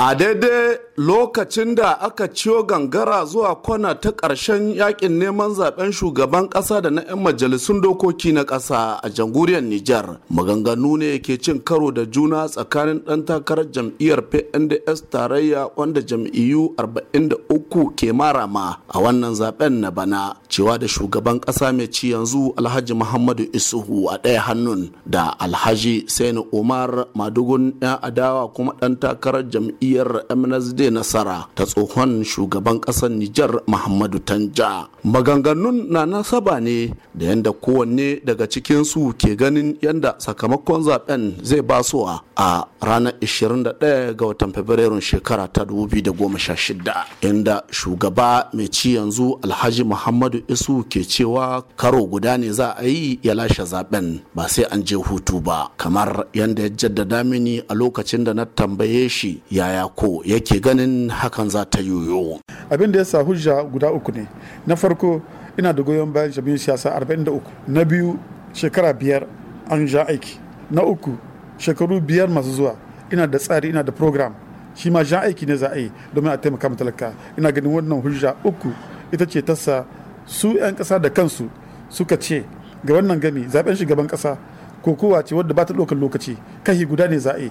a daidai lokacin da aka ciyo gangara zuwa kwana ta ƙarshen yakin neman zaben shugaban ƙasa da na 'yan majalisun dokoki na ƙasa a jamhuriyar nijar maganganu ne ke cin karo da juna tsakanin ɗan takarar jam'iyyar pnds tarayya wanda jam'iyyu 43 ke marama a wannan zaben na bana cewa da shugaban ƙasa mai ci yanzu alhaji muhammadu isuhu a ɗaya hannun da alhaji sani umar madugun adawa kuma ɗan takarar jam'iyyar jam'iyyar MNSD nasara ta tsohon shugaban ƙasar Nijar Muhammadu Tanja. Maganganun na nasaba ne da yadda kowanne daga cikinsu ke ganin yadda sakamakon zaben zai basuwa a ranar 21 ga watan Fabrairun shekara ta 2016 inda shugaba mai ci yanzu Alhaji Muhammadu Isu ke cewa karo guda ne za a yi ya lashe zaben ba sai an je hutu ba kamar yadda ya jaddada mini a lokacin da na tambaye shi yaya yaya ko yake ganin hakan za ta yoyo abin da ya sa hujja guda uku ne na farko ina da goyon bayan jami'in siyasa 43 na biyu shekara biyar an ja aiki na uku shekaru biyar masu zuwa ina da tsari ina da program shi ma ja aiki ne za a yi domin a taimaka ma talaka ina ganin wannan hujja uku ita ce tasa su 'yan kasa da kansu suka ce ga wannan gami zaben shugaban kasa. kokowa ce wadda ba ta ɗaukar lokaci kahi guda ne za'a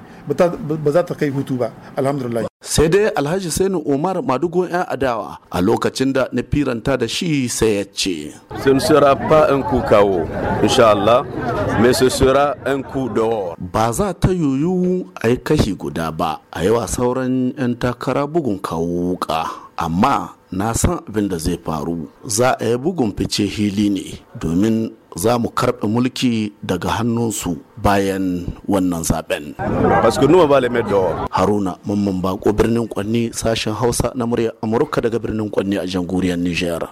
ba za ta kai hutu ba alhamdulillah sai dai alhaji sainu umar madugo yan adawa a lokacin da na firanta da shi sai ya ce sun sura fa in ku kawo insha Allah me su sura in ku dawo. ba za ta yuyu a yi kashi guda ba a yawa sauran yan takara bugun kawo wuka amma na san abin da zai faru za a yi bugun fice hili ne domin za mu karɓe mulki daga hannunsu bayan wannan zaben. Haruna Mamman Bako birnin Kwanni sashen Hausa na murya Amurka daga birnin Kwanni a jamhuriyar Nijar.